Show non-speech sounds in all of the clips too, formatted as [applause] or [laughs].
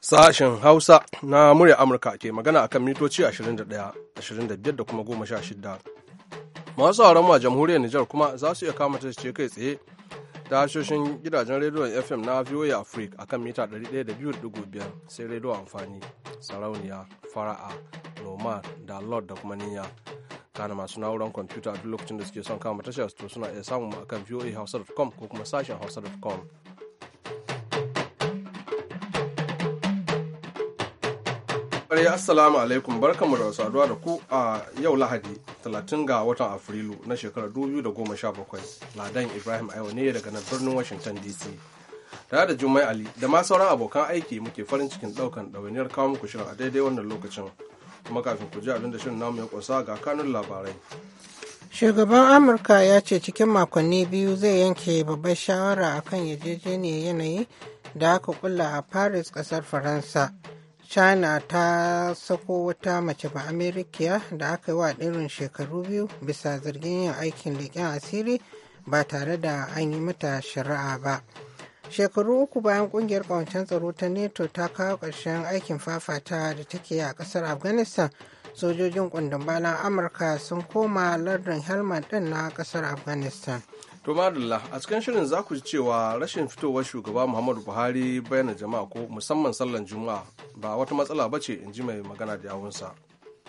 Sashen Hausa na murya Amurka ke magana akan mitoci 21, 25 da kuma 16. Masu sauran a jamhuriyar Nijar kuma za su iya kama ce kai tsaye ta hashoshin gidajen rediyon FM na VOA Africa akan mita 102.5 sai rediyo amfani, sarauniya, fara'a, noma da lord da kuma niyya. kana masu na'urar kwamfuta a duk lokacin da suke son kama tashar to suna iya samun mu akan voahausa.com ko kuma sashen hausa.com Ƙwarai assalamu alaikum barkanmu da saduwa da ku a yau Lahadi 30 ga watan Afrilu na shekarar 2017 Ladan Ibrahim Aiwa ne daga nan birnin Washington DC. Tare da Jummai Ali da ma sauran abokan aiki muke farin cikin ɗaukan ɗawainiyar kawo muku shirin a daidai wannan lokacin. kuma kafin ku ji abin da shirin namu ya kunsa ga kanun labarai shugaban amurka ya ce cikin makonni biyu zai yanke babbar shawara a kan yarjejeniyar yanayi da aka kulla a paris kasar faransa china ta sako wata mace ba amerikiya da aka yi wa ɗirin shekaru biyu bisa zargin yin aikin leƙen asiri ba tare da an yi mata shari'a ba. shekaru uku bayan kungiyar kawancen tsaro ta neto ta kawo ƙarshen aikin fafata da take a ƙasar afghanistan sojojin kundin amurka sun koma lardin helmand din na ƙasar afghanistan to madalla a cikin shirin za ku ji cewa rashin fitowar shugaba muhammadu buhari bayyana jama'a ko musamman sallan juma'a ba wata matsala ba ce in ji mai magana da yawunsa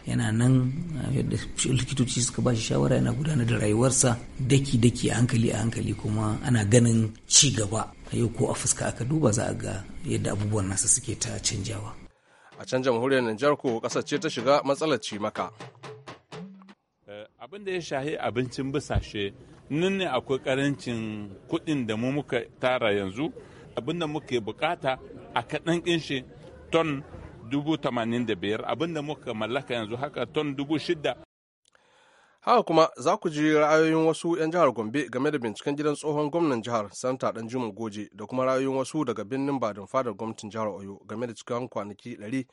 yana nan yadda likitoci suka ba shi shawara yana gudanar da rayuwarsa daki-daki a hankali a hankali kuma ana ganin ci gaba yau ko a fuska aka duba za a ga yadda abubuwan nasa suke ta canjawa a can jamhuriyar Nijar ko kasar ce ta shiga matsalar cimaka abin da ya shahi abincin busashe nan ne akwai karancin kuɗin da mu muka tara yanzu abin da muke bukata a kaɗan ƙinshi ton 85,000 abin da muka mallaka yanzu haka ton 6,000 Haka kuma za ku ji ra'ayoyin wasu 'yan jihar Gombe game da binciken gidan tsohon gwamnan jihar Santa Danjuma Goje da kuma ra'ayoyin wasu daga birnin Badin fadar gwamnatin jihar Oyo game da cikin kwanaki 100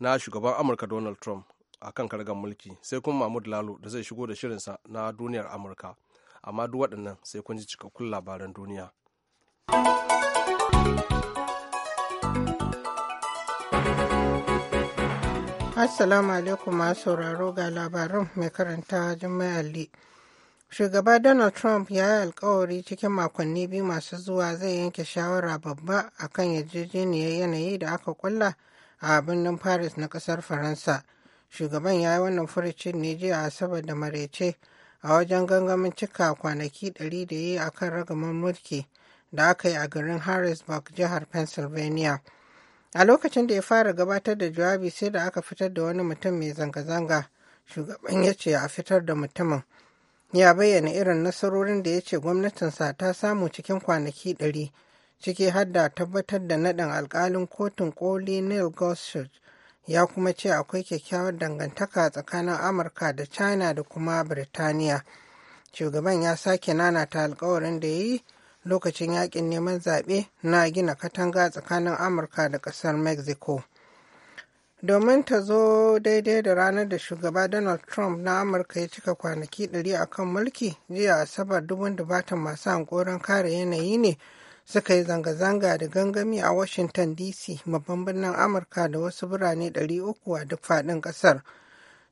na shugaban Amurka Donald Trump a kan kargan mulki sai kuma Mahmud Lalo da zai shigo da shirinsa na duniyar Amurka. Amma duk waɗannan sai kun ji cikakkun labaran duniya. Assalamu alaikum masu sauraro ga labarin mai karanta Jummai Ali. Shugaba Donald Trump ya yi alkawari cikin makonni biyu masu zuwa zai yanke shawara babba a kan yarjejeniyar yanayi da aka kulla a birnin Paris na kasar Faransa. Shugaban ya yi wannan furucin ne jiya a Asabar da Maraice a wajen gangamin cika kwanaki ɗari da yi a kan ragaman mulki da aka yi a garin Harrisburg, jihar Pennsylvania. a lokacin da ya fara gabatar da jawabi sai da aka fitar da wani mutum mai zanga-zanga shugaban ya ce a fitar da mutumin ya bayyana irin nasarorin da ya ce gwamnatinsa ta samu cikin kwanaki ɗari ciki har da tabbatar da naɗin alkalin kotun koli neil gorsuch ya kuma ce akwai kyakkyawar dangantaka tsakanin amurka da china da kuma birtaniya shugaban ya sake nana ta alkawarin da ya yi lokacin yakin neman zaɓe na gina katanga tsakanin amurka da ƙasar mexico domin ta zo daidai da ranar da shugaba donald trump na amurka ya cika kwanaki 100 a kan mulki jiya asabar dubun dubatan masu hankoron kare yanayi ne suka yi zanga-zanga da gangami a washington dc babban birnin amurka da wasu birane 300 a duk faɗin ƙasar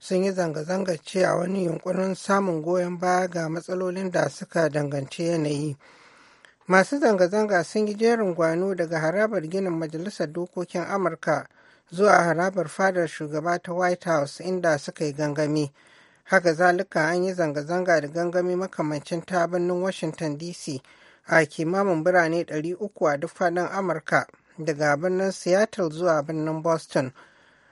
sun yi zanga-zanga ce a wani yunkurin samun goyon baya ga matsalolin da suka danganci yanayi. masu zanga-zanga sun yi jerin gwano daga harabar ginin majalisar dokokin amurka zuwa harabar fadar shugaba ta white house inda suka yi gangami haka zalika an yi zanga-zanga da gangami makamancin ta birnin washington dc a kimamin birane 300 a duk faɗin amurka daga birnin seattle zuwa birnin boston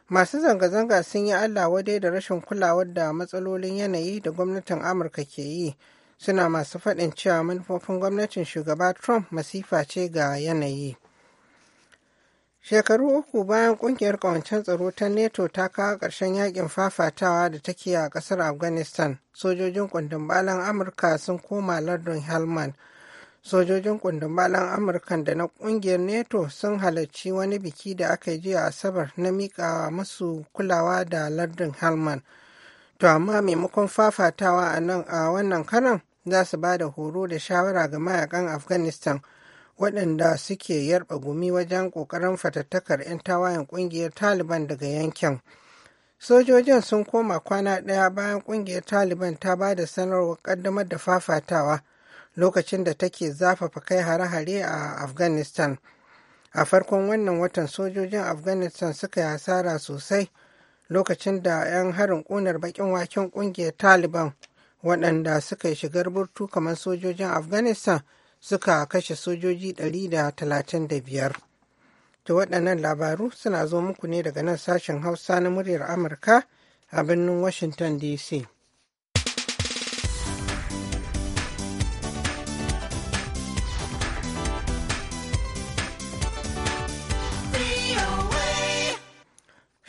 masu zanga-zanga sun yi allah wadai da rashin kulawar da matsalolin yanayi da gwamnatin amurka ke yi suna masu faɗin cewa manufofin gwamnatin shugaba trump masifa ce ga yanayi shekaru uku bayan kungiyar kawancen tsaro ta neto ta kawo ƙarshen yakin fafatawa da take a ƙasar afghanistan sojojin kundin balan amurka sun koma lardun helmand sojojin kundin balan amurka da na kungiyar neto sun halarci wani biki da aka yi jiya asabar na miƙa masu kulawa da lardun helmand to amma maimakon fafatawa a nan a wannan karan za su ba da horo da shawara ga mayakan afghanistan waɗanda suke yarba gumi wajen ƙoƙarin fatattakar 'yan tawayen ƙungiyar taliban daga yankin sojojin sun koma kwana ɗaya bayan ƙungiyar taliban ta ba da sanarwar ƙaddamar da fafatawa lokacin da take zafafa kai hare-hare a afghanistan a farkon wannan watan sojojin afghanistan suka yi hasara sosai lokacin da 'yan harin ƙunar baƙin waken ƙungiyar taliban waɗanda suka shigar burtu kamar sojojin afghanistan suka kashe sojoji 135 to waɗannan labaru suna zo muku ne daga nan sashen hausa na muryar amurka a birnin washington dc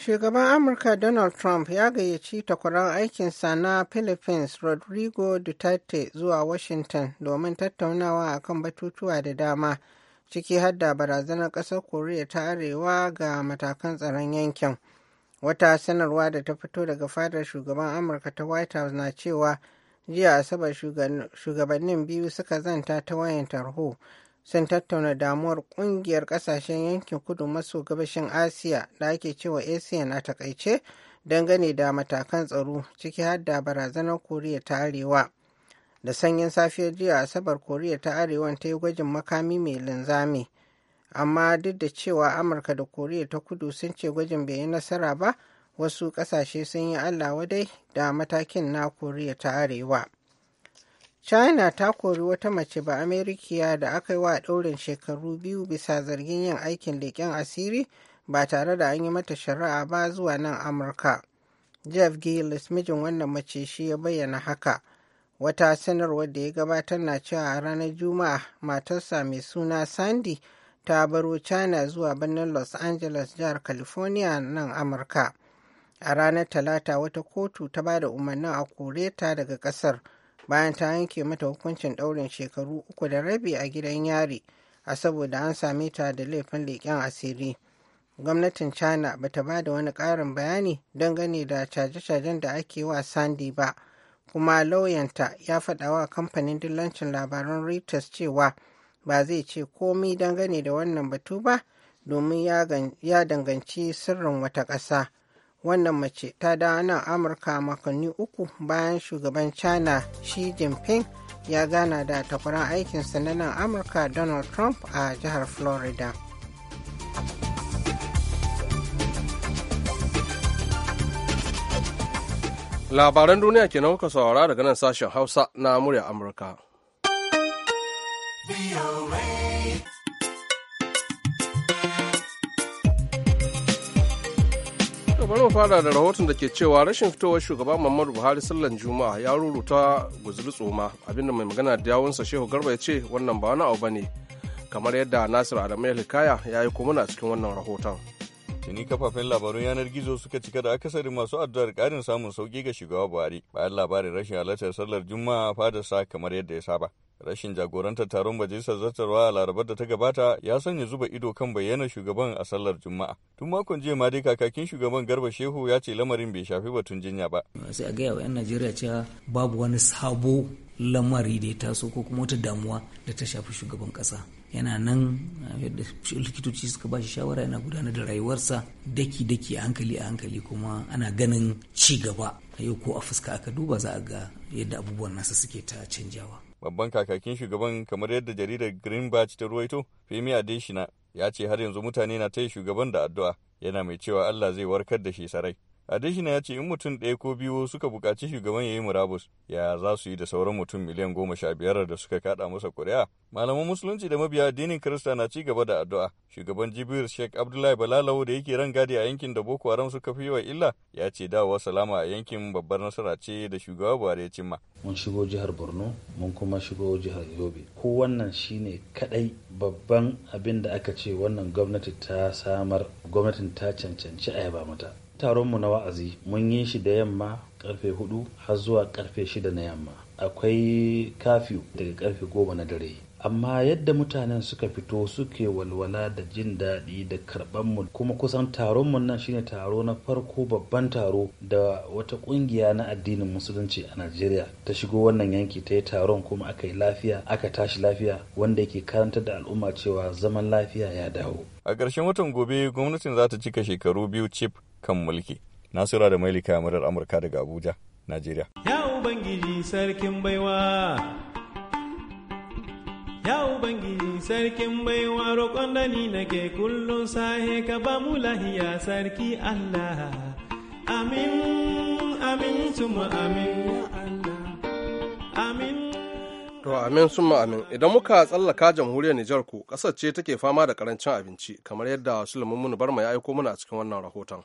Shugaban Amurka Donald Trump ya gayyaci takwaran aikinsa na Philippines Rodrigo Duterte zuwa Washington domin tattaunawa a kan batutuwa da dama ciki har da barazanar ƙasar koreya ta Arewa ga matakan tsaron yankin. Wata sanarwa da ta fito daga fadar shugaban Amurka ta White House na cewa jiya Asabar shugabannin biyu suka zanta ta wayan tarho sun tattauna damuwar kungiyar kasashen yankin kudu maso gabashin asiya da ake cewa asian a takaice dangane da matakan tsaro ciki har da barazanar koriya ta arewa da sanyin safiyar jiya asabar koriya ta arewan ta yi gwajin makami mai linzami amma duk da cewa amurka da koriya ta kudu sun ce gwajin bai yi nasara ba wasu kasashe sun yi allah dai da matakin na koriya ta arewa china ta kori wata mace ba amerikiya da aka yi wa ɗaurin shekaru biyu bisa zargin yin aikin leƙen asiri ba tare da an yi mata shari'a ba zuwa nan amurka jeff gillis mijin wannan mace shi ya bayyana haka wata sanarwar da ya gabatar na cewa a ranar juma'a matarsa mai suna sandy ta baro china zuwa birnin los angeles jihar california nan amurka a ranar talata wata kotu ta ba da umarnin a kore ta daga ƙasar. bayan ta yanke mata hukuncin ɗaurin shekaru uku da rabi a gidan yari a saboda an same ta da laifin leƙen asiri gwamnatin china ba ta ba da wani ƙarin bayani dangane da caje-cajen da ake wa sandy ba kuma lauyanta ya faɗa wa kamfanin dillancin labaran reuters cewa ba zai ce komi dangane da wannan batu ba domin ya danganci sirrin wata ƙasa. wannan mace ta dawo nan amurka makonni uku bayan shugaban china xi jinping ya gana da takwaran aikinsa na nan amurka donald trump a jihar florida labaran duniya kenan kuka saurara daga nan sashen hausa na murya amurka. bari mu fara da rahoton da ke cewa rashin fitowar shugaba Muhammadu Buhari sallan Juma'a ya ruruta guzuri tsoma abinda mai magana da yawunsa Shehu Garba ya ce wannan ba wani abu bane kamar yadda Nasiru Adamu Hikaya ya yi kuma cikin wannan rahoton. tuni kafafen labarun yanar gizo suka cika da akasarin masu addu'ar karin samun sauki ga shugaba buhari bayan labarin rashin halartar sallar juma'a fada sa kamar yadda ya saba rashin jagorantar taron majalisar zartarwa a larabar da ta gabata ya sanya zuba ido kan bayyana shugaban a sallar juma'a tun makon jiya ma dai kakakin shugaban garba shehu ya ce lamarin bai shafi batun jinya ba sai a gaya wa 'yan najeriya cewa babu wani sabo lamari da ya taso ko kuma wata damuwa da ta shafi shugaban kasa yana nan yadda likitoci suka ba shi shawara yana gudanar da rayuwarsa daki-daki a hankali a hankali kuma ana ganin ci gaba yau ko a fuska aka duba za a ga yadda abubuwan nasa suke ta canjawa babban kakakin shugaban kamar yadda jaridar greenbach ta ruwaito femi adeshina ya ce har yanzu mutane na taya shugaban da addu'a yana mai cewa allah zai warkar da shi sarai Adeshina ya ce in mutum ɗaya ko biyu suka buƙaci shugaban ya yi murabus ya za su yi da sauran mutum miliyan goma sha biyar da suka kaɗa masa kuri'a. Malaman musulunci da mabiya addinin Kirista na ci gaba da addu'a. Shugaban Jibir Sheikh Abdullahi Balalau da yake ran gadi a yankin da Boko Haram suka fi wa illa ya ce dawowa salama a yankin babbar nasara ce da shugaba Buhari ya cimma. Mun shigo jihar Borno mun kuma shigo jihar Yobe. Ko wannan shine kadai babban abin da aka ce wannan gwamnati ta samar gwamnatin ta cancanci a yaba mata. taronmu na wa'azi mun yi shi da yamma karfe hudu har zuwa karfe shida na yamma akwai kafiyu daga karfe goma na dare amma yadda mutanen suka fito suke walwala da jin daɗi da karɓanmu kuma kusan taronmu nan shine taro na farko babban taro da wata ƙungiya na addinin musulunci a najeriya ta shigo wannan yanki ta yi taron kuma aka yi lafiya aka tashi lafiya wanda yake karanta da al'umma cewa zaman lafiya ya dawo a ƙarshen watan gobe gwamnatin za ta cika shekaru biyu cif kan mulki nasira da mailika murar amurka daga abuja najeriya ya ubangiji sarkin baiwa ya ubangiji sarkin baiwa roƙon da ni nake kullum sahe ka ba mu lahiya sarki allah amin amin suma amin amin To amin suma amin idan muka tsallaka jamhuriyar Nijar ku ƙasar ce take fama da ƙarancin abinci kamar yadda Sulaiman Munu ya aiko mana a cikin wannan rahoton.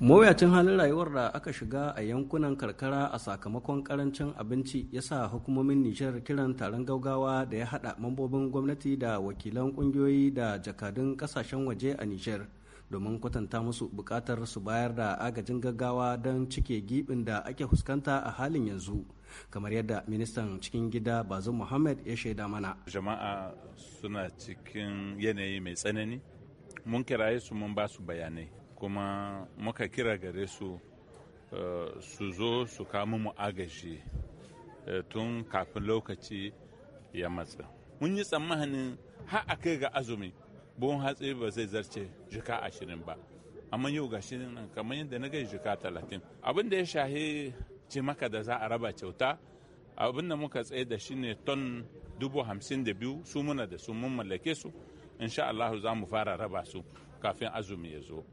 mawuyacin halin rayuwar da aka shiga a yankunan karkara a sakamakon karancin abinci ya sa hukumomin nijar kiran taron gaugawa da ya hada mambobin gwamnati da wakilan kungiyoyi da jakadun kasashen waje a nijar domin kwatanta musu bukatar su bayar da agajin gaggawa don cike gibin da ake fuskanta a halin yanzu kamar yadda ministan cikin gida bazu muhammad ya shaida mana jama'a suna cikin yanayi mai tsanani mun kiraye su mun ba su bayanai kuma muka kira gare su eh, su zo su kama mu agaji eh, tun kafin lokaci ya matsa mun yi tsammanin har a kai ga azumi buhun hatsi ba zai zarce jika ashirin ba amma yau ga shirin nan kamar yadda na gai jika talatin abin da ya shahi ce maka da za a raba kyauta abin da muka tsaye da shi ne ton dubu hamsin da biyu su muna da su mun mallake su insha allahu za mu fara raba su kafin azumi ya zo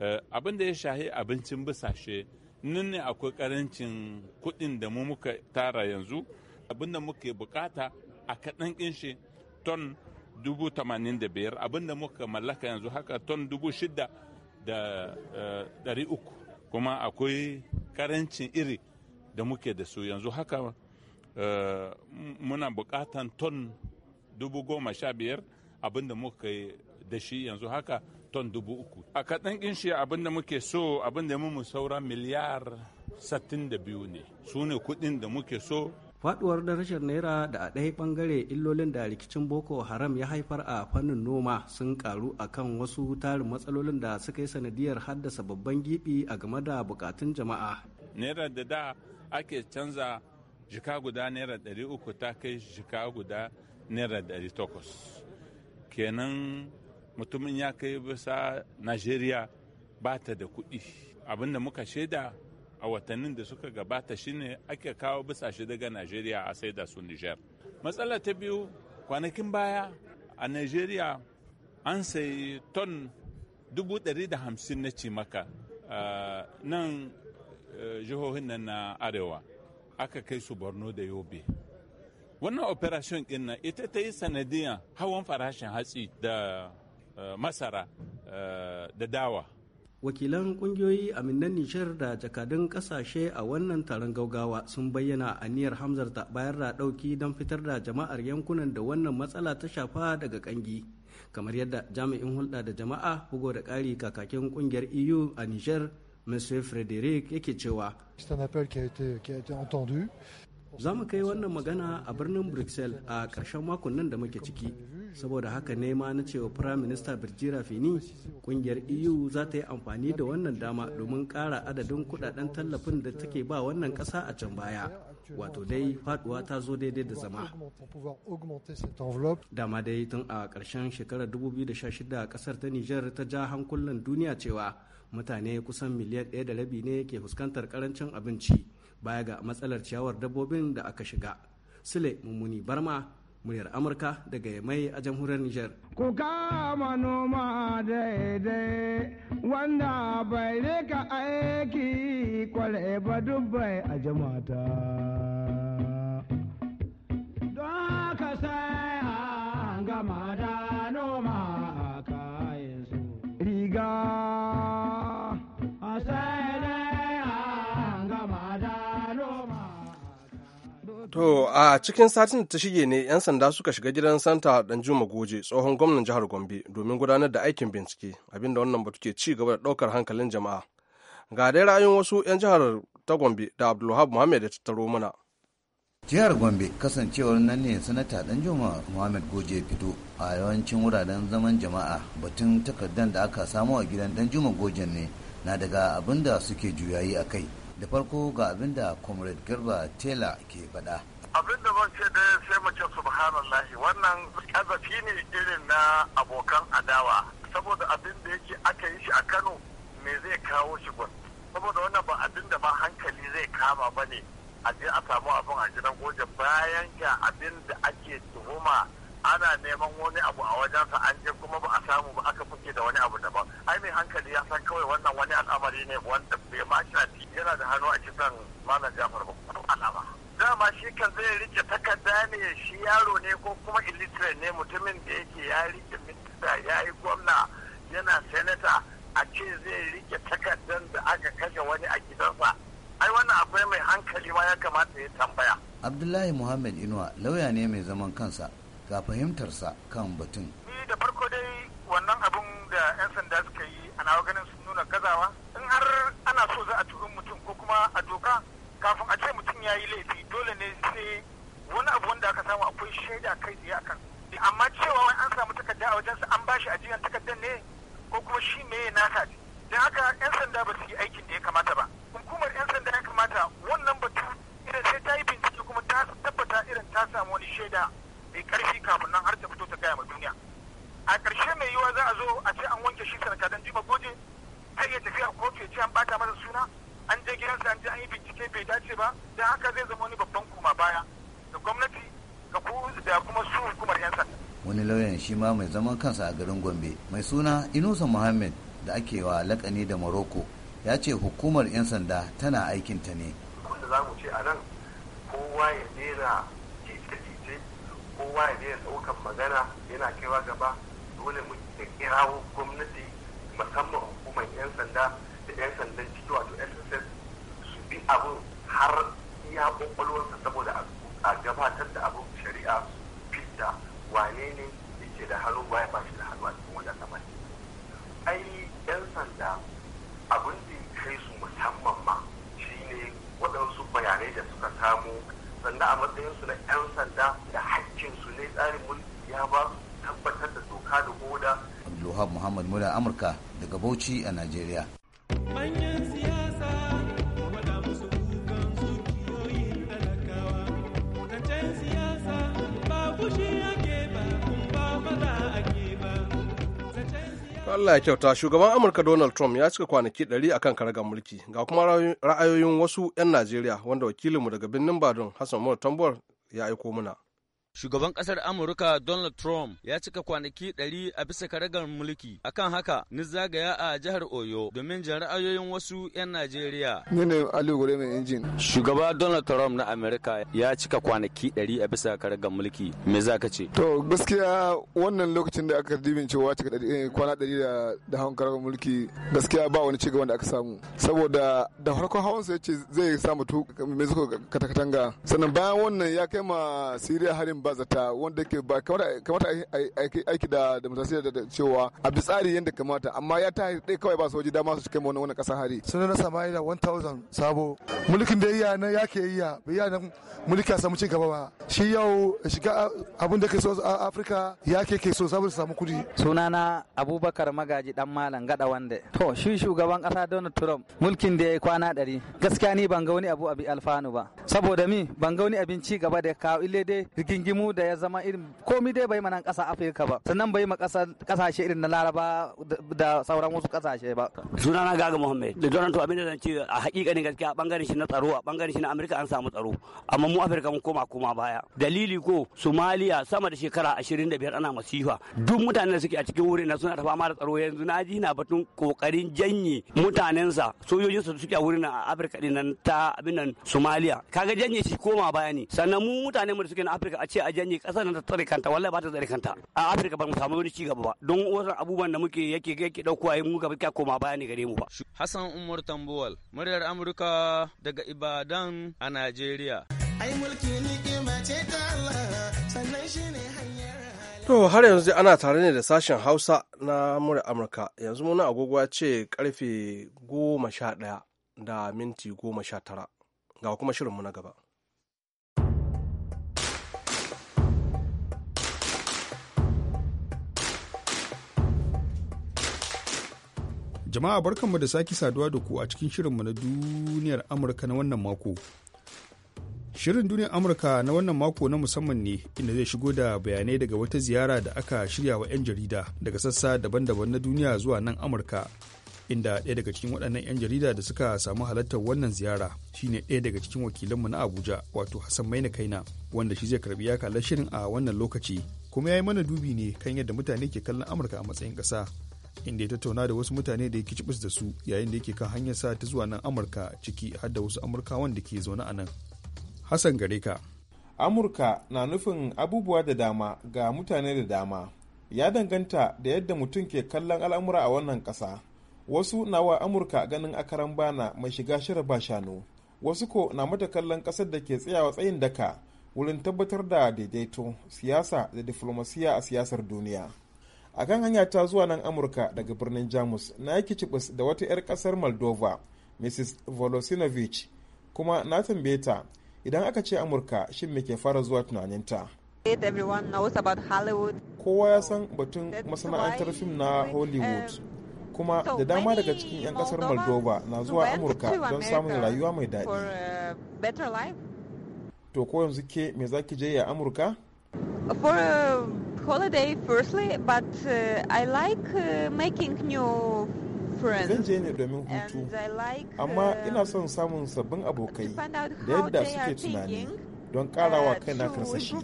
Eh, abin da ya shahi abincin bisashe nan ne akwai karancin kuɗin da mu muka tara yanzu abin da muke bukata a kaɗan ƙinshi ton dubu tamanin da biyar abin da muka mallaka yanzu haka ton dubu shida da eh, ɗari uku kuma akwai karancin iri da muke da su yanzu haka eh, muna bukatan ton dubu goma sha biyar abin da muka da shi yanzu haka ton dubu uku a kaɗan ɗin shi abin da muke so abin da mu saura miliyar satin da biyu ne su ne kuɗin da muke so faduwar darashar naira da a ɗaya ɓangare illolin da rikicin boko haram ya haifar a fannin noma sun karu a kan wasu tarin matsalolin da suka yi sanadiyar haddasa babban gibi a game da bukatun jama'a naira da da ake canza jika guda naira ɗari uku ta kai jika guda naira ɗari takwas kenan mutumin ya kai bisa najeriya ba ta da kuɗi abin da muka shaida a watannin da suka gabata shine ake kawo bisa shi daga najeriya a sai da su niger matsala ta biyu kwanakin baya a najeriya an sayi ton 150 na cimaka nan jihohin nan na arewa aka kai su borno da yobe wannan operation ɗin ita ta yi sanadiyan hawan farashin hatsi da Eh, masara eh, da dawa wakilan kungiyoyi aminan nishar da jakadun kasashe a wannan taron gaugawa sun bayyana aniyar hamzar ta bayar da dauki don fitar da jama'ar yankunan da wannan matsala ta shafa daga kangi kamar yadda jami'in hulɗa da jama'a bugo da ƙari kakakin kungiyar eu a nijar monsieur frederic yake cewa Za mu kai wannan magana a birnin Bruxelles a ƙarshen makon nan da muke ciki. Saboda haka ne ma na cewa Prime Minister Birjira Fini kungiyar EU za ta yi amfani da wannan dama domin ƙara adadin kudaden tallafin da take ba wannan ƙasa a can baya. Wato dai faduwa ta zo daidai da zama. Dama dai tun a ƙarshen shekarar 2016 ƙasar ta Nijar ta ja hankulan duniya cewa mutane kusan miliyan ɗaya da rabi ne ke fuskantar ƙarancin abinci. baya ga matsalar ciyawar dabbobin da aka shiga sule mummuni barma muryar amurka daga mai a jamhuriyar niger ku kama noma daidai wanda bai rika aiki kwale ba dubbai a jamata. don haka sai a gama da To a cikin satin da ta shige ne 'yan sanda suka shiga gidan Santa Danjuma Goje tsohon gwamnan jihar Gombe domin gudanar da aikin bincike abinda wannan batu ke ci gaba da ɗaukar hankalin jama'a. Ga dai ra'ayin wasu 'yan jihar ta Gombe da Abdulwahab Muhammad ya tattaro mana. jihar gombe kasancewar nan ne sanata danjuma muhammad goje fito a yawancin wuraren zaman jama'a batun takardar da aka samu a gidan danjuma gojen ne na daga abin da suke juyayi a kai da farko ga abin da comrade garba taylor ke faɗa abin da zan ce dai sai mace subhanallahi wannan kazafi ne irin na abokan adawa saboda abin da yake aka yi shi a kano me zai kawo shi gwan saboda wannan ba abin da ba hankali zai kama ba ne a je a samu abin a gidan goje bayan ga abin da ake tuhuma ana neman wani abu a wajensa an je kuma ba a samu ba aka fuke da wani abu daban ai mai hankali ya san kawai wannan wani al'amari ne wanda bai ma shafi yana da hannu a kisan malam jafar ba alama dama shi kan zai rike takarda ne shi yaro ne ko kuma illiterate ne mutumin da yake ya rike minista ya yi gwamna yana senata a ce zai rike takardar da aka kashe wani a gidansa ai wannan akwai mai hankali ma ya kamata ya tambaya abdullahi muhammad inuwa lauya ne mai zaman kansa ga fahimtarsa kan batun. Ni da farko dai wannan abin da 'yan sanda suka yi a nawa ganin sun nuna gazawa in har ana so za a turin mutum ko kuma a doka kafin a ce mutum ya yi laifi dole ne sai wani abu wanda aka samu akwai shaida kai tsaye akan amma cewa wai an samu takarda a wajensa an bashi ajiyar takardar ne ko kuma shi ya nasa ne don haka 'yan sanda ba su yi aikin da ya kamata ba hukumar 'yan sanda ya kamata wannan batu irin sai ta yi bincike kuma ta tabbata irin ta samu wani shaida mai karfi kafin nan har ta fito ta gaya ma duniya a karshe mai yiwa za a zo a ce an wanke shi sanaka don jima goje ta iya tafiya kotu ya ce an bata masa suna an je gidansa an je an yi bincike bai dace ba don haka zai zama wani babban kuma baya da gwamnati ga da kuma su hukumar yan sanda wani lauyan shi ma mai zaman kansa a garin gombe mai suna inusa muhammad da ake wa lakani da morocco ya ce hukumar yan sanda tana aikinta ne da za mu ce a nan kowa ya nera. kowa ya daina magana yana kaiwa gaba dole mu kirawo gwamnati musamman Bauchi a Najeriya. Allah ya kyauta shugaban Amurka Donald Trump ya cika kwanaki 100 akan karagar mulki ga kuma ra'ayoyin wasu 'yan Najeriya wanda wakilinmu daga birnin Badon Hassan Mura Tambuwar ya aiko muna. Shugaban ƙasar Amurka Donald Trump ya cika kwanaki ɗari a bisa karagar mulki. Akan haka, ni zagaya a jihar Oyo domin jin ra'ayoyin wasu 'yan Najeriya. Ni ne Ali mai injin. Shugaba Donald Trump na Amurka ya cika kwanaki ɗari a bisa karagar mulki. Me za ka ce? To gaskiya wannan lokacin da aka dibin cewa cika eh, kwana ɗari da hawan karagar mulki gaskiya ba wani cigaba da aka samu. Saboda da farkon hawan sa ya ce zai samu tu mai zuko katakatanga. Sannan bayan wannan ya kai ma Siriya harin ba zata wanda ke ba kamata aiki da demokrasiya da cewa a bi tsari yadda kamata amma ya ta dai kawai ba su waje dama su cikin wani wani kasa hari sun na samari da 1000 sabo mulkin da iya na yake iya bai iya nan mulki a samu cigaba ba shi yau shiga abin da ke so a afirka ya ke ke so saboda samu kudi sunana abubakar magaji dan malam gada wanda to shi shugaban kasa donald trump mulkin da ya yi kwana ɗari gaskiya ni ban ga wani abu abi alfanu ba saboda mi ban ga wani abin ci gaba da kawo ile dai mu da ya zama irin komi dai bai manan ƙasa afirka ba sannan bai ma ƙasashe irin na laraba da sauran wasu ƙasashe ba sunana gaga muhammed da to abin da zan ce a hakikanin gaskiya bangaren shi na tsaro a bangaren shi na amurka an samu tsaro amma mu afirka mun koma kuma baya dalili ko somaliya sama da shekara ashirin da biyar ana masifa duk mutanen da suke a cikin wurin na suna ta fama da tsaro yanzu na ji na batun kokarin janye mutanensa sojojin su suke a wurin a afirka din nan ta abin nan somaliya kaga janye shi koma baya ne sannan mu mutanen mu da suke na afirka a ce a janye kasar nan ta tsare kanta wallahi ba ta tsare kanta a Afirka ba mu samu wani cigaba ba don wasu abubuwan da muke yake yake daukowa yi mu gaba koma baya gare mu ba Hassan Umar Tambuwal muryar Amurka daga Ibadan a Najeriya ai mulki ni ce ta Allah sannan hanyar To har yanzu ana tare ne da sashen Hausa na mura Amurka yanzu muna agogo ce karfe goma sha ɗaya da minti goma sha tara ga kuma shirinmu na gaba. Jama'a barkanmu da sake saduwa da ku a cikin shirinmu na duniyar Amurka na wannan mako. Shirin duniyar Amurka na wannan mako na musamman ne inda zai shigo da bayanai daga wata ziyara da aka shirya wa 'yan jarida daga sassa daban-daban na duniya zuwa nan Amurka. Inda ɗaya daga cikin waɗannan 'yan jarida da suka samu halartar wannan ziyara shine ɗaya daga cikin wakilanmu na Abuja wato Hassan Maina Kaina wanda shi zai karbi yakalar shirin a wannan lokaci kuma ya yi mana dubi ne kan yadda mutane ke kallon Amurka a matsayin ƙasa inda ya tattauna da wasu mutane da ya kicibis da su yayin da yake kan hanyar sa ta zuwa nan amurka ciki har da wasu amurkawan da ke zaune a nan hassan gare ka amurka na nufin abubuwa da dama ga mutane da dama ya danganta da yadda mutum ke kallon al'amura a wannan ƙasa wasu na wa amurka ganin akaran bana mai shiga shira ba shanu wasu ko na mata kallon ƙasar da ke tsayawa tsayin daka wurin tabbatar da daidaito siyasa da diflomasiya a siyasar duniya a kan hanya ta zuwa nan amurka daga birnin jamus na yake cibis da wata 'yar kasar moldova mrs volosinovich kuma na tambaye ta idan aka ce amurka shin me ke fara zuwa tunaninta kowa ya san batun masana'antar fim na hollywood um, kuma da dama daga cikin 'yan kasar moldova na zuwa amurka don samun rayuwa mai daɗi to ko yanzu ke me za ki je ya amurka um, holiday firstly, but uh, I like uh, making new friends. Zan je ne domin hutu, amma uh, ina son samun sabbin abokai da yadda suke tunani don karawa uh, kaina karsashi.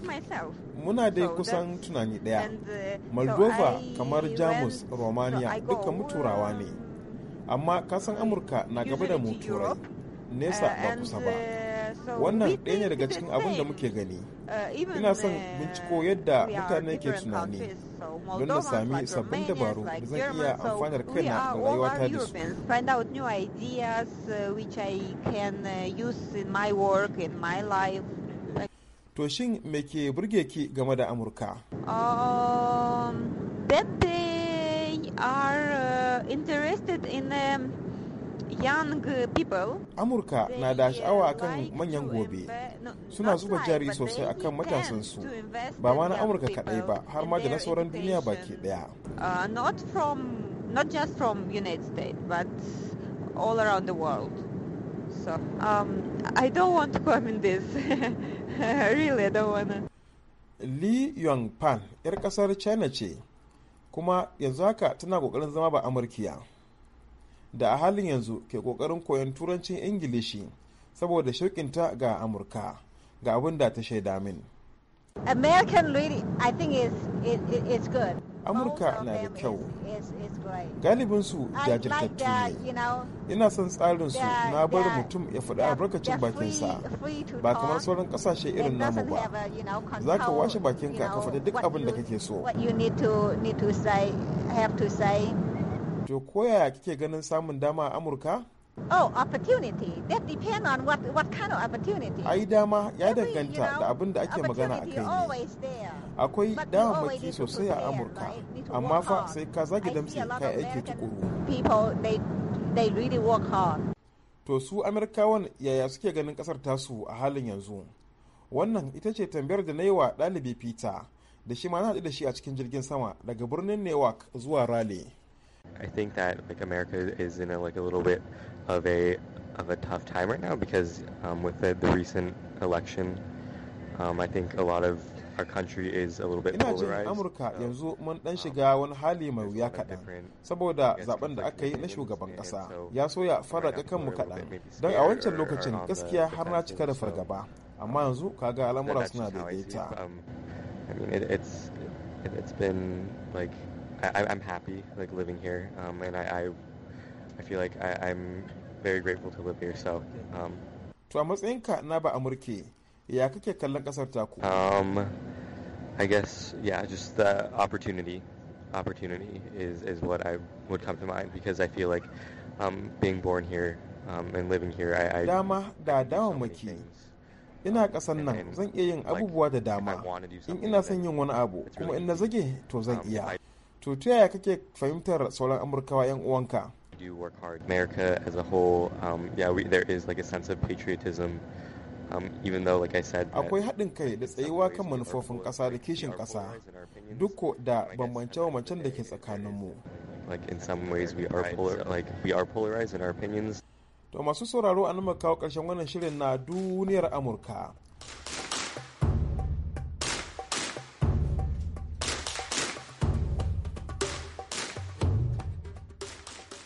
Muna dai kusan tunani ɗaya. Uh, Moldova kamar Jamus, Romania duka muturawa ne. Amma kasan Amurka na gaba da mu turai, nesa ba kusa ba. wannan ɗaya ne daga cikin abin da muke gani uh, ina son binciko yadda mutane ke tunani don na sami sabbin dabaru da zan iya amfanar kaina da rayuwata da su uh, uh, to shin me ke burge ki game da amurka um, they are interested in um, young people. Amurka na da sha'awa akan manyan gobe. Suna zuba jari sosai akan matasansu. Ba ma na Amurka kaɗai ba, har ma da na sauran duniya baki ɗaya. Uh, not from not just from United States, but all around the world. So um, I don't want to comment this. [laughs] really, I don't wanna. Li Yong Pan, 'yar kasar China ce, kuma yanzu haka tana kokarin zama ba Amurkiya. da a halin yanzu ke kokarin koyon turancin ingilishi saboda shauƙinta ga amurka ga abin da ta shaida min amurka na da kyau galibinsu jajirtattu ne ina son tsarinsu na bari mutum ya faɗi albarkacin bakinsa ba kamar sauran ƙasashe irin namu ba za ka washe bakinka ka faɗi duk abin da kake so To koyaya kike ganin samun dama a Amurka? Oh, opportunity. That depend on what, what kind of opportunity. Ai dama ya danganta da abin da ake magana a kai ne. Akwai damammaki sosai a Amurka, amma fa sai ka zage damtse ka aiki tukuru. To su Amerikawan yaya suke ganin kasar tasu a halin yanzu? Wannan ita ce tambayar da na yi wa ɗalibi Peter, da shi ma na haɗu da shi a cikin jirgin sama daga birnin Newark zuwa Raleigh. I think that like America is in a, like a little bit of a of a tough time right now because um, with the, the, recent election, um, I think a lot of our country is a little bit Ina Amurka yanzu mun dan um, shiga wani hali mai wuya kaɗan saboda da aka yi na shugaban ƙasa ya so ya kanmu kaɗan don a wancan lokacin gaskiya har na cika da fargaba um, amma yanzu kaga al'amura suna daidaita. Um, I mean, it, it's, it, it's been like I, am happy like living here, um, and I, I, I feel like I, am very grateful to live here. So. Um, to a matsayinka na ba Amurke, ya kake kallon kasar taku? Um, I guess yeah, just the opportunity. Opportunity is is what I would come to mind because I feel like um, being born here um, and living here, I, I dama da dawamaki. Ina kasan um, nan zan iya yin abubuwa da dama in ina son yin wani abu kuma in na zage to zan um, iya. to ta yaya kake fahimtar sauran amurkawa 'yan uwanka a whole, um, yeah, we, there is akwai haɗin kai da tsayuwa kan manufofin ƙasa da kishin ƙasa duk da bambance-bambancen da ke tsakaninmu. To masu sauraro an kawo ƙarshen wannan shirin na duniyar Amurka.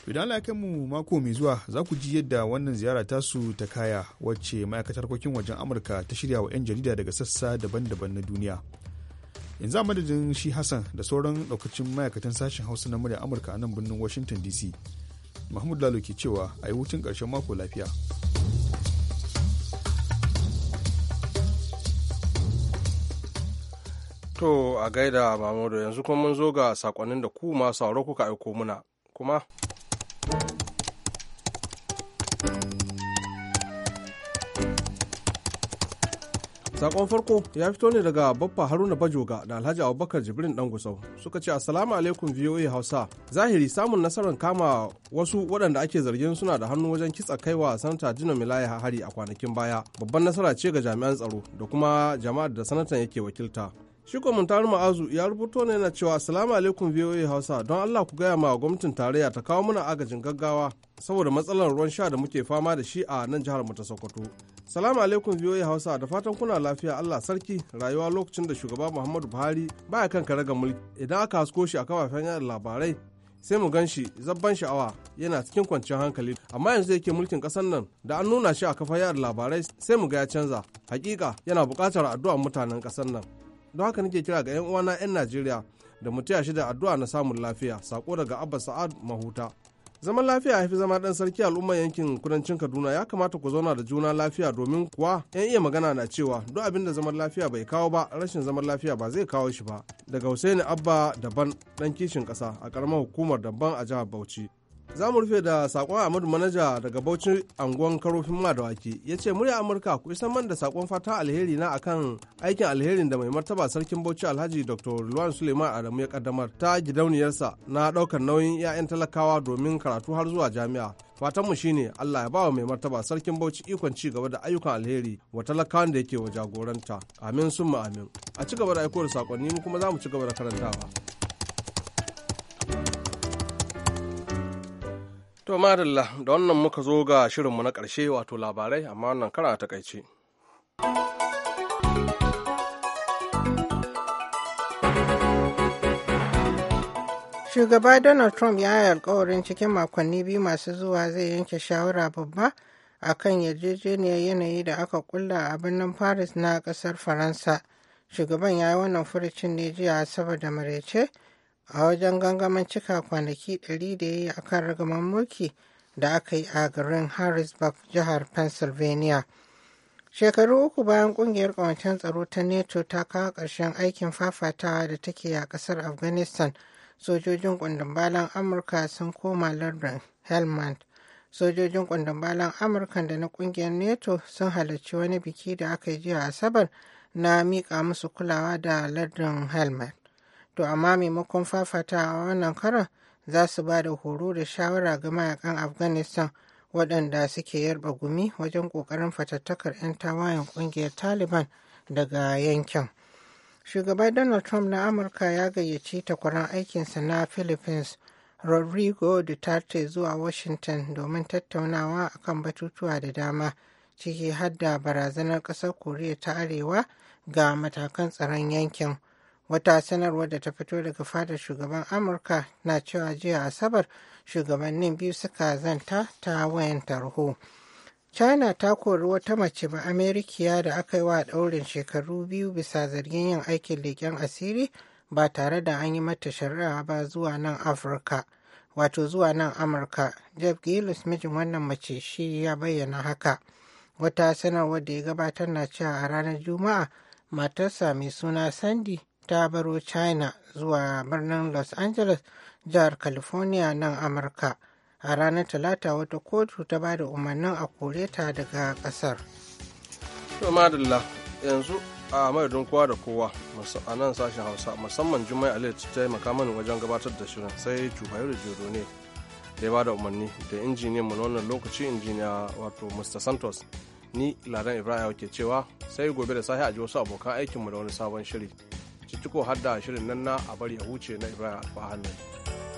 idan Allah ya mu mako mai zuwa za ku ji yadda wannan ziyara su ta kaya wacce ma'aikatar harkokin wajen amurka ta shirya wa 'yan jarida daga sassa daban-daban na duniya yanzu a madadin shi hassan da sauran daukacin ma'aikatan sashen hausa na murya amurka a nan birnin washington dc mahmud lalo ke cewa a yi hutun ƙarshen mako lafiya to a gaida mamodo yanzu kuma mun zo ga sakonnin da ku masu sauro kuka aiko muna kuma Sakon farko ya fito ne daga Baffa Haruna Bajoga da Alhaji Abubakar Jibrin dan Gusau suka ce Assalamu alaikum VOA Hausa. Zahiri samun nasarar kama wasu waɗanda ake zargin suna da hannu wajen kitsa kaiwa sanata jina Milaya hari a kwanakin baya. Babban nasara ce ga jami'an tsaro da kuma jama'ar da sanatan yake wakilta. Shiko kwamantar ma'azu ya rubuto ne na cewa assalamu alaikum voa hausa don allah ku gaya ma gwamnatin tarayya ta kawo mana agajin gaggawa saboda matsalar ruwan sha da muke fama da shi a nan jihar mu ta sokoto salamu alaikum voa hausa da fatan kuna lafiya allah sarki rayuwa lokacin da shugaba muhammadu buhari baya kan karaga mulki idan aka hasko shi a kafafen yada labarai sai mu gan shi zabban sha'awa yana cikin kwanciyar hankali amma yanzu yake mulkin kasar nan da an nuna shi a kafa yada labarai sai mu ga ya canza hakika yana buƙatar addu'ar mutanen kasar nan don haka nake kira ga 'yan uwana 'yan najeriya da mu taya shi da addu'a na samun lafiya sako daga abba sa'ad mahuta zaman lafiya haifi zama dan sarki al'ummar yankin kudancin kaduna ya kamata ku zauna da juna lafiya domin kuwa yan iya magana na cewa duk abin da zaman lafiya bai kawo ba rashin zaman lafiya ba zai kawo shi ba daga husaini abba daban dan kishin kasa a karamar hukumar daban a jihar bauchi za mu rufe da sakon Ahmadu Manaja daga Bauchi anguwan karofin madawaki ya ce murya Amurka ku isan man da sakon fata alheri na akan aikin alherin da mai martaba sarkin Bauchi Alhaji Dr. Luwan Suleiman Adamu ya kaddamar ta gidauniyarsa na ɗaukar nauyin 'ya'yan talakawa domin karatu har zuwa jami'a. Fatanmu shine Allah ya bawa mai martaba sarkin Bauchi ikon ci gaba da ayyukan alheri wa talakawan da yake wa jagoranta. Amin summa amin. A ci gaba da aiko da sakonni mu kuma za mu ci gaba da karantawa. To madalla da wannan muka zo ga shirinmu na ƙarshe wato labarai amma wannan kara a takaice. Shugaba Donald Trump ya yi alkawarin cikin makonni biyu masu zuwa zai yanke shawara babba a kan yarjejeniyar yanayi da aka kulla a birnin Paris na ƙasar Faransa. Shugaban ya yi wannan furucin ne jiya saboda maraice. a wajen gangamin cika kwanaki 100 da ya yi a kan ragaman mulki da aka yi a garin harrisburg jihar pennsylvania shekaru uku bayan kungiyar kawancen tsaro ta neto ta kawo ƙarshen aikin fafatawa da take a ƙasar afghanistan sojojin kundin amurka sun koma lardin helmand sojojin kundin amurka da na kungiyar neto sun halarci wani biki da aka yi jiya asabar na miƙa musu kulawa da lardin helmand to amma maimakon fafata a wannan karon za su ba da horo da shawara ga mayakan afghanistan waɗanda suke yarba gumi wajen ƙoƙarin fatattakar 'yan tawayen ƙungiyar taliban daga yankin Shugaban donald trump na amurka ya gayyaci takwaran aikinsa na philippines rodrigo duterte zuwa washington domin tattaunawa akan batutuwa da dama ciki har barazanar ƙasar koriya ta arewa ga matakan tsaron yankin wata sanarwar da ta fito daga fadar shugaban amurka na cewa jiya asabar shugabannin biyu suka zanta ta wayan tarho china ta kori wata mace ba amerikiya da aka yi wa daurin shekaru biyu bisa zargin yin aikin leƙen asiri ba tare da an yi mata shari'a ba zuwa nan afirka wato zuwa nan amurka jeff gillis mijin wannan mace shi ya bayyana haka wata sanarwar da ya gabatar na cewa a ranar juma'a matarsa mai suna sandy ta baro china zuwa birnin los angeles jihar california nan amurka a ranar talata wata kotu ta ba da umarnin a kore ta daga kasar to madalla yanzu a madadin kowa da kowa a nan sashen hausa musamman jumai ali ta taimaka mani wajen gabatar da shirin sai da jodo ne da ya ba da umarni da injiniyan mu na wannan lokaci injiniya wato mr santos ni ladan ibrahim ke cewa sai gobe da sahi a ji wasu abokan aikinmu da wani sabon shiri cikin har da shirin nan na a bari ya huce na ibrahim alfahannu